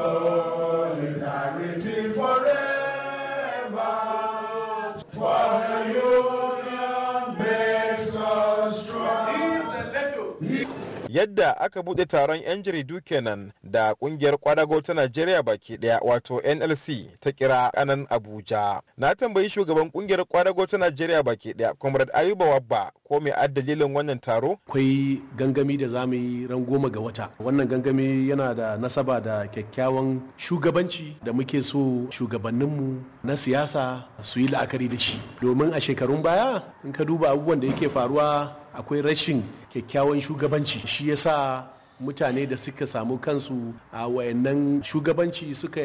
Solidarity and I waiting forever for the union makes us strong. He's the little. yadda aka bude taron 'yan jaridu kenan da kungiyar kwadago ta najeriya baki daya wato nlc ta kira kanan abuja na tambayi shugaban kungiyar kwadago ta najeriya baki daya comrade ayuba wabba ko mai dalilin wannan taro akwai gangami da za mu yi ran goma ga wata wannan gangami yana da nasaba da kyakkyawan shugabanci da muke so shugabanninmu na siyasa su yi la'akari da shi domin a shekarun baya in ka duba abubuwan da yake faruwa akwai rashin kyakkyawan shugabanci shi yasa mutane da suka samu kansu a wayannan shugabanci suka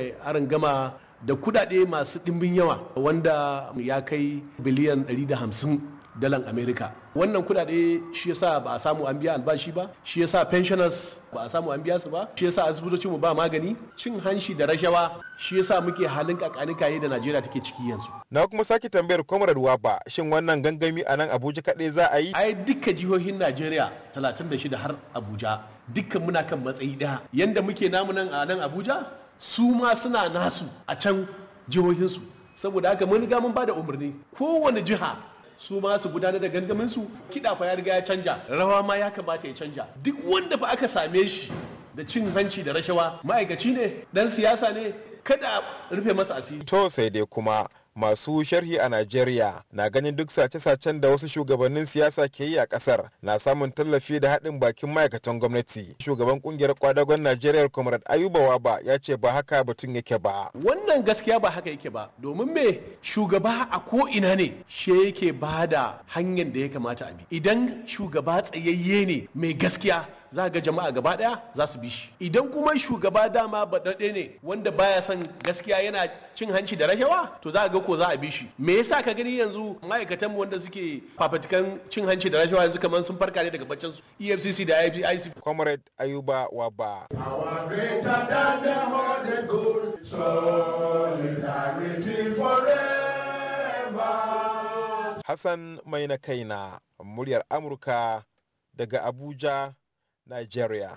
gama da kudade masu dimbin yawa wanda ya kai biliyan 150 dalan Amerika wannan kudade shi yasa ba a samu an biya albashi ba shi yasa pensioners ba a samu an biya su ba shi yasa asibitocin mu ba magani cin hanshi da rashawa shi yasa muke halin kakanikaye da najeriya take ciki yanzu na kuma sake tambayar comrade waba shin wannan gangami a nan abuja kaɗai za a yi ai dukkan jihohin najeriya 36 har abuja dukkan muna kan matsayi daya yanda muke namu nan a nan abuja su ma suna nasu a can jihohinsu saboda haka mun riga mun ba da umarni kowane jiha su ma su gudanar da gangamin su kiɗa fa ya riga ya canja rawa ma ya kamata ya canja duk wanda fa aka same shi da cin hanci da rashawa ma'aikaci ne dan siyasa ne kada rufe masa asiri to sai dai kuma masu sharhi a Najeriya na ganin duk sace-sacen da wasu shugabannin siyasa ke yi a kasar na samun tallafi da haɗin bakin ma'aikatan gwamnati. Shugaban kungiyar kwadagon Najeriya Comrade Ayuba Waba ya ce ba haka batun yake ba. Wannan gaskiya ba haka yake ba domin me shugaba a ko ina ne she yake ba da hanyar da ya kamata a bi. Idan shugaba tsayayye ne mai gaskiya za ga jama'a gaba daya za su bi shi idan kuma shugaba dama baɗaɗe ne wanda baya son gaskiya yana cin hanci da rashawa to za ga ko za a bi shi me yasa ka gani yanzu ma'aikatan mu wanda suke fafatikan cin hanci da rashawa yanzu kamar sun farka ne daga baccin su EFCC da IFCC comrade Ayuba Waba Hassan Maina Kaina, muryar Amurka daga Abuja, Nigeria.